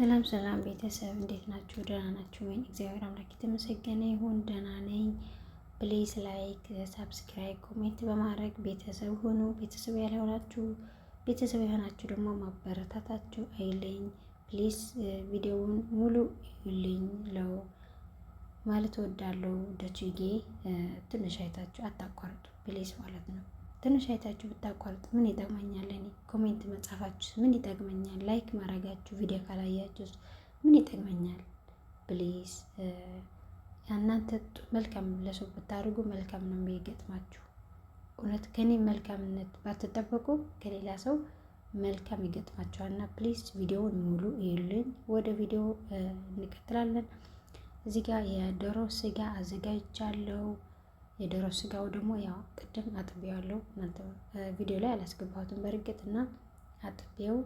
ሰላም ሰላም ቤተሰብ እንዴት ናችሁ? ደህና ናችሁ ወይ? እግዚአብሔር አምላክ የተመሰገነ ይሁን። ደህና ነኝ። ፕሊዝ ላይክ፣ ሳብስክራይብ፣ ኮሜንት በማድረግ ቤተሰብ ሁኑ። ቤተሰብ ያልሆናችሁ ቤተሰብ የሆናችሁ ደግሞ ማበረታታችሁ አይለኝ። ፕሊዝ ቪዲዮውን ሙሉ ይልኝ ለው ማለት ወዳለው ደችጌ ትንሽ አይታችሁ አታቋርጡ ፕሊዝ ማለት ነው። ትንሽ አይታችሁ ብታቋርጥ ምን ይጠቅመኛል? እኔ ኮሜንት መጻፋችሁ ምን ይጠቅመኛል? ላይክ ማድረጋችሁ ቪዲዮ ካላያችሁ ምን ይጠቅመኛል? ፕሊዝ እናንተ መልካም ለሰው ብታደርጉ መልካም ነው የሚገጥማችሁ። እውነት ከኔ መልካምነት ባትጠበቁ ከሌላ ሰው መልካም ይገጥማችኋል። እና ፕሊዝ ቪዲዮውን ሙሉ ይሉኝ። ወደ ቪዲዮ እንቀጥላለን። እዚህ ጋር የዶሮ ስጋ አዘጋጅቻለሁ። የዶሮ ስጋው ደግሞ ያው ቅድም አጥቤዋለሁ እናንተ ቪዲዮ ላይ አላስገባሁትም በእርግጥ እና አጥቤው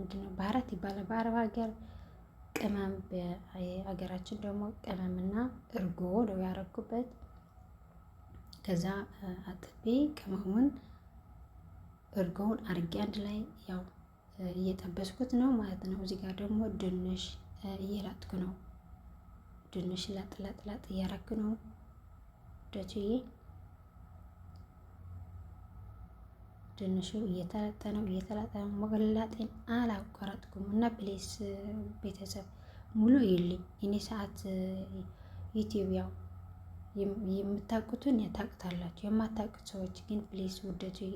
እንትን ባህራት ይባላል በአረብ ሀገር ቅመም በሀገራችን ደግሞ ቅመምና እርጎ ነው ያረኩበት። ከዛ አጥቤ ቅመሙን እርጎውን አርጌ አንድ ላይ ያው እየጠበስኩት ነው ማለት ነው። እዚህ ጋር ደግሞ ድንሽ እየላጥኩ ነው። ድንሽ ላጥ ላጥ ላጥ እያረኩ ነው። ደችዬ ድንሹ እየተላጠ ነው እየተላጠ ነው። መገላጤን አላቋረጥኩም እና ፕሌስ ቤተሰብ ሙሉ ይልኝ እኔ ሰዓት ዩቲዩብ ያው የምታውቁትን ታውቁታላችሁ። የማታውቁት ሰዎች ግን ፕሌስ ውደትዬ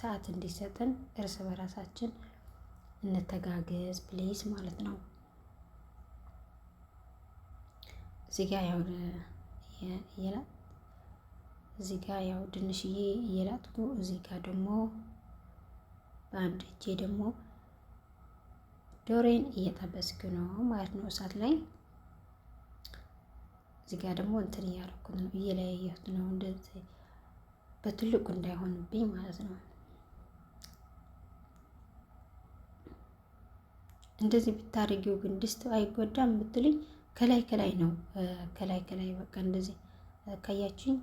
ሰዓት እንዲሰጠን እርስ በራሳችን እንተጋገዝ ፕሌስ ማለት ነው። እዚህ ጋር ያው እየላጥ እዚህ ጋር ያው ድንሽዬ እየላጥኩ እዚህ ጋ ደግሞ በአንድ እጄ ደግሞ ዶሬን እየጠበስኩ ነው ማለት ነው እሳት ላይ። እዚህ ጋር ደግሞ እንትን እያደረኩት ነው እየለያየሁት ነው እንደዚህ በትልቁ እንዳይሆንብኝ ማለት ነው። እንደዚህ ብታደርጊው ግን ድስት አይጎዳም ብትልኝ ከላይ ከላይ ነው ከላይ ከላይ በቃ እንደዚህ ካያችኝ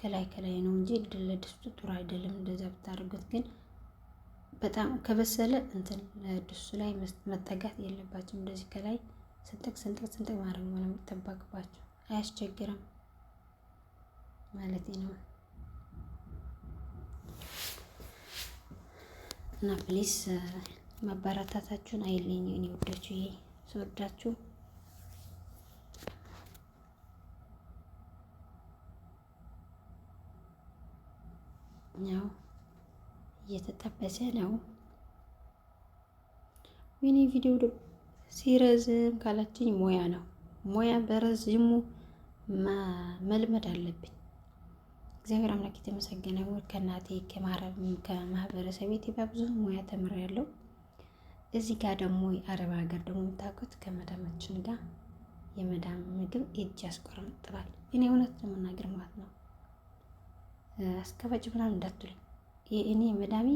ከላይ ከላይ ነው እንጂ ለድስቱ ጥሩ አይደለም። እንደዛ ብታደርጉት ግን በጣም ከበሰለ እንትን ድስቱ ላይ መጠጋት የለባቸው። እንደዚህ ከላይ ስንጥቅ ስንጥቅ ስንጥቅ ማድረግ ነው የሚጠበቅባቸው። አያስቸግርም ማለት ነው። እና ፕሊስ ማበረታታችሁን አይለኝ እኔ ወዳችሁ ይሄ ስወዳችሁ ነው። እየተጠበሰ ነው። ይህኔ ቪዲዮ ሲረዝም ካላችኝ ሙያ ነው። ሙያ በረዝሙ መልመድ አለብኝ። እግዚአብሔር አምላክ የተመሰገነ ይሁን። ከእናቴ ከማህበረሰብ ኢትዮጵያ ብዙ ሙያ ተምሬያለሁ። እዚህ ጋር ደግሞ የአረብ ሀገር ደግሞ የምታውቁት ከመዳማችን ጋር የመዳም ምግብ እጅ ያስቆረጥባል። እኔ እውነት ለመናገር ማለት ነው አስከባጭ ምናምን እንዳትሉኝ። የእኔ መዳሜ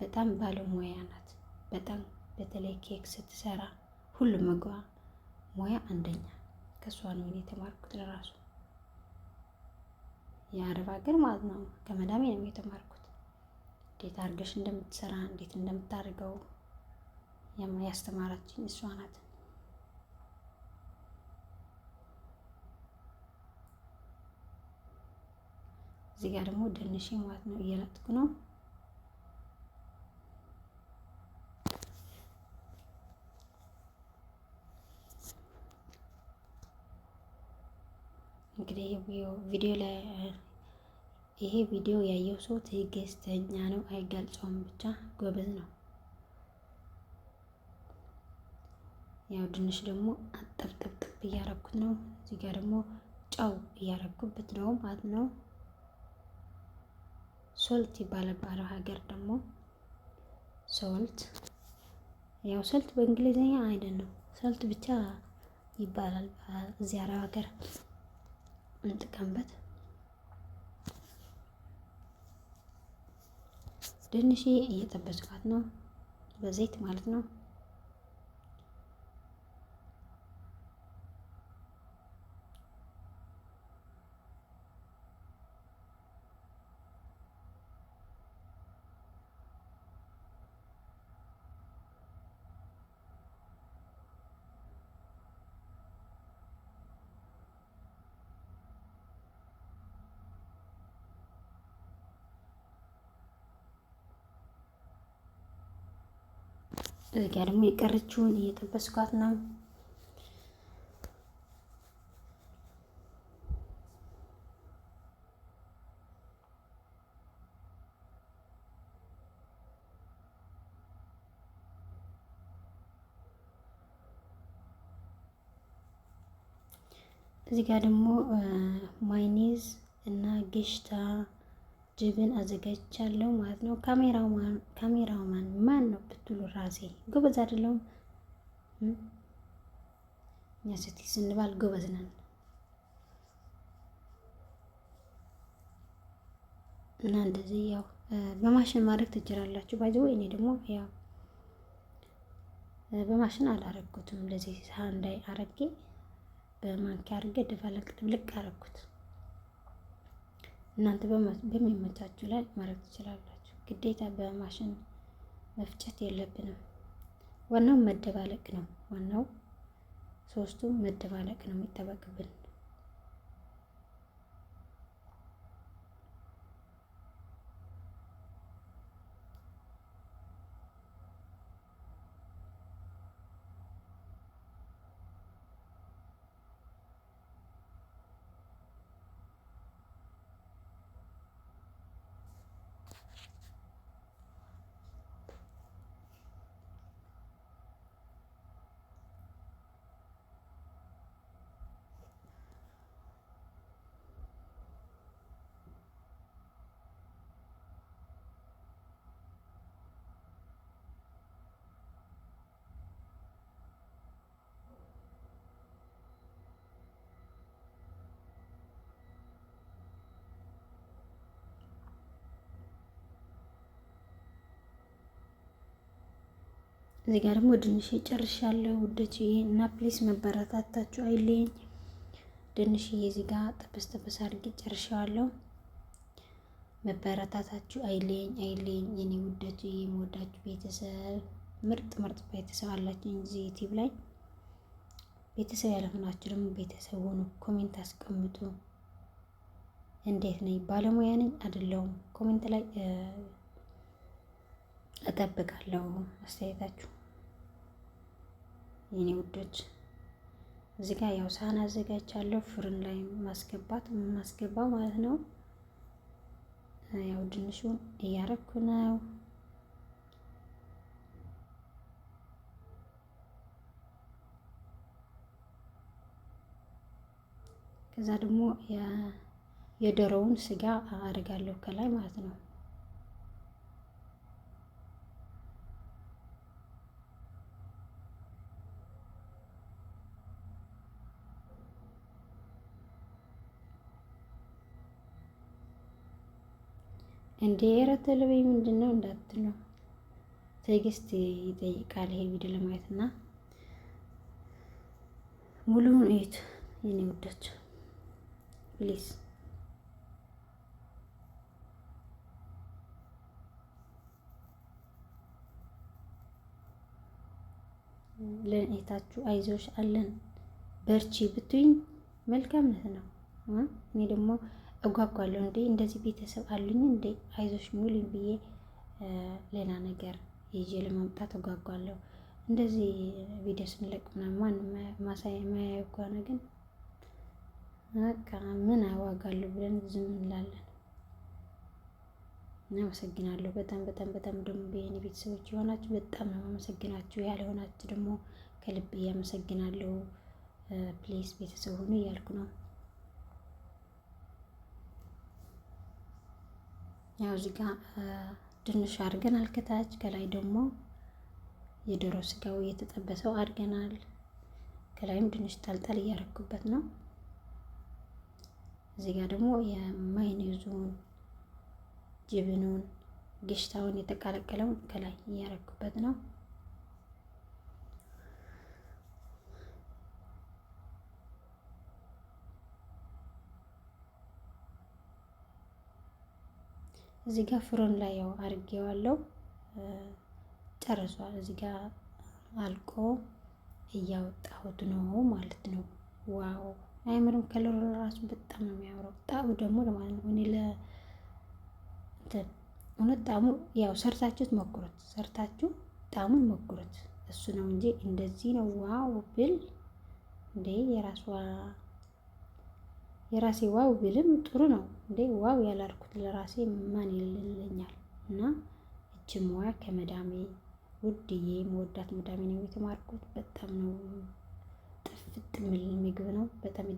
በጣም ባለሙያ ናት። በጣም በተለይ ኬክ ስትሰራ ሁሉም ምግቧ ሙያ አንደኛ ከእሷ ነው የተማርኩት። ለራሱ የአረብ ሀገር ማለት ነው ከመዳሜ ነው የተማርኩት። እንዴት አድርገሽ እንደምትሰራ እንዴት እንደምታደርገው ያስተማራችኝ እሷ ናት። እዚህ ጋር ደግሞ ድንሽ ማለት ነው እየላጥኩ ነው። እንግዲህ ቪዲዮ ላይ ይሄ ቪዲዮ ያየው ሰው ትዕግስተኛ ነው፣ አይገልጸውም። ብቻ ጎበዝ ነው። ያው ድንሽ ደግሞ አጠብጥብጥብ እያረኩት ነው። እዚህ ጋር ደግሞ ጨው እያረኩበት ነው ማለት ነው። ሶልት ይባላል በአረብ ሀገር ደግሞ ሶልት። ያው ሶልት በእንግሊዝኛ አይደለም ሶልት ብቻ ይባላል እዚህ አረብ ሀገር እንጥቀምበት። ድንሽ እየጠበስኳት ነው በዘይት ማለት ነው። እዚህ ጋር ደግሞ የቀረችውን እየጠበስኳት ነው። እዚህ ጋር ደግሞ ማይኔዝ እና ጌሽታ ጅብን አዘጋጅቻለሁ ማለት ነው። ካሜራማን ማን ነው ብትሉ ራሴ ጎበዝ አይደለሁም። እኛ ሴት ስንባል ጎበዝ ነን። እና እንደዚህ ያው በማሽን ማድረግ ትችላላችሁ። ባይ ዘ ወይ እኔ ደግሞ ያው በማሽን አላረግኩትም። እንደዚህ ሳህን ላይ አረጌ በማንኪያ አርጌ ድባለቅ ድብልቅ አረግኩት። እናንተ በሚመቻችሁ ላይ ማድረግ ትችላላችሁ። ግዴታ በማሽን መፍጨት የለብንም። ዋናው መደባለቅ ነው። ዋናው ሶስቱ መደባለቅ ነው የሚጠበቅብን። እዚህ ጋር ደግሞ ድንሽ ጨርሻለሁ ውዶችዬ፣ እና ፕሊስ መበረታታችሁ አይለኝ። ድንሽዬ እዚህ ጋር ጥብስ ጥብስ አድርጌ ጨርሻለሁ። መበረታታችሁ አይለኝ አይለኝ፣ የኔ ውዶችዬ፣ የምወዳችሁ ቤተሰብ፣ ምርጥ ምርጥ ቤተሰብ አላችሁ እዚህ ዩቲዩብ ላይ። ቤተሰብ ያልሆናችሁ ደግሞ ቤተሰብ ሆኑ፣ ኮሜንት አስቀምጡ። እንዴት ነኝ? ባለሙያ ነኝ አይደለሁም? ኮሜንት ላይ እጠብቃለሁ አስተያየታችሁ የኔ ውዶች። እዚህ ጋር ያው ሳህን አዘጋጅቻለሁ ፍርን ላይ ማስገባት ማስገባው ማለት ነው። ያው ድንሹን እያረኩ ነው። ከዛ ደግሞ የደሮውን ስጋ አርጋለሁ ከላይ ማለት ነው። እንዴ ረት ልበይ ምንድን ነው እንዳትሉ ትዕግስት ይጠይቃል። ይሄ ቪዲዮ ለማየት እና ሙሉውን እዩት የኔ ውዶች ፕሊዝ። ለእህታችሁ አይዞሽ አለን በርቺ ብትይኝ መልካምነት ነው። እኔ ደግሞ እጓጓለሁ። እንዴ እንደዚህ ቤተሰብ አሉኝ እንዴ አይዞሽ ሙሉኝ ብዬ ሌላ ነገር ይዤ ለመምጣት እጓጓለሁ። እንደዚህ ቪዲዮ ስንለቅ ምናምን ማን ማሳያ ከሆነ ግን በቃ ምን አዋጋሉ ብለን ዝም እንላለን። እና አመሰግናለሁ። በጣም በጣም በጣም ደግሞ ብሄን ቤተሰቦች የሆናችሁ በጣም ነው አመሰግናችሁ። ያልሆናችሁ ደግሞ ከልብ እያመሰግናለሁ። ፕሌስ ቤተሰብ ሆኑ እያልኩ ነው። ያው እዚህ ጋር ድንሽ አድርገናል ከታች ከላይ ደግሞ የዶሮ ስጋው እየተጠበሰው አድርገናል። ከላይም ድንሽ ጣልጣል እያረኩበት ነው። እዚህ ጋር ደግሞ የማይኔዙን ጅብኑን ግሽታውን የተቀላቀለውን ከላይ እያረኩበት ነው። እዚህ ጋር ፍሮን ላይ ያው አድርጌዋለሁ ጨርሷል። እዚህ ጋር አልቆ እያወጣሁት ነው ማለት ነው። ዋው አይምርም? ከለሩ ራሱ በጣም ነው የሚያምረው። ጣዕሙ ደግሞ ለማለት ነው እኔ ለ እውነት ጣዕሙ ያው ሰርታችሁት ሞክሩት፣ ሰርታችሁ ጣዕሙን ሞክሩት። እሱ ነው እንጂ እንደዚህ ነው ዋው ብል እንዴ የራሷ የራሴ ዋው ብልም ጥሩ ነው እንዴ ዋው ያላልኩት ለራሴ ማን ይልልኛል? እና እጅ ሙያ ከመዳሜ ውድዬ መወዳት መዳሜ ነው የተማርኩት። በጣም ነው ጥፍጥ ምል ምግብ ነው በጣም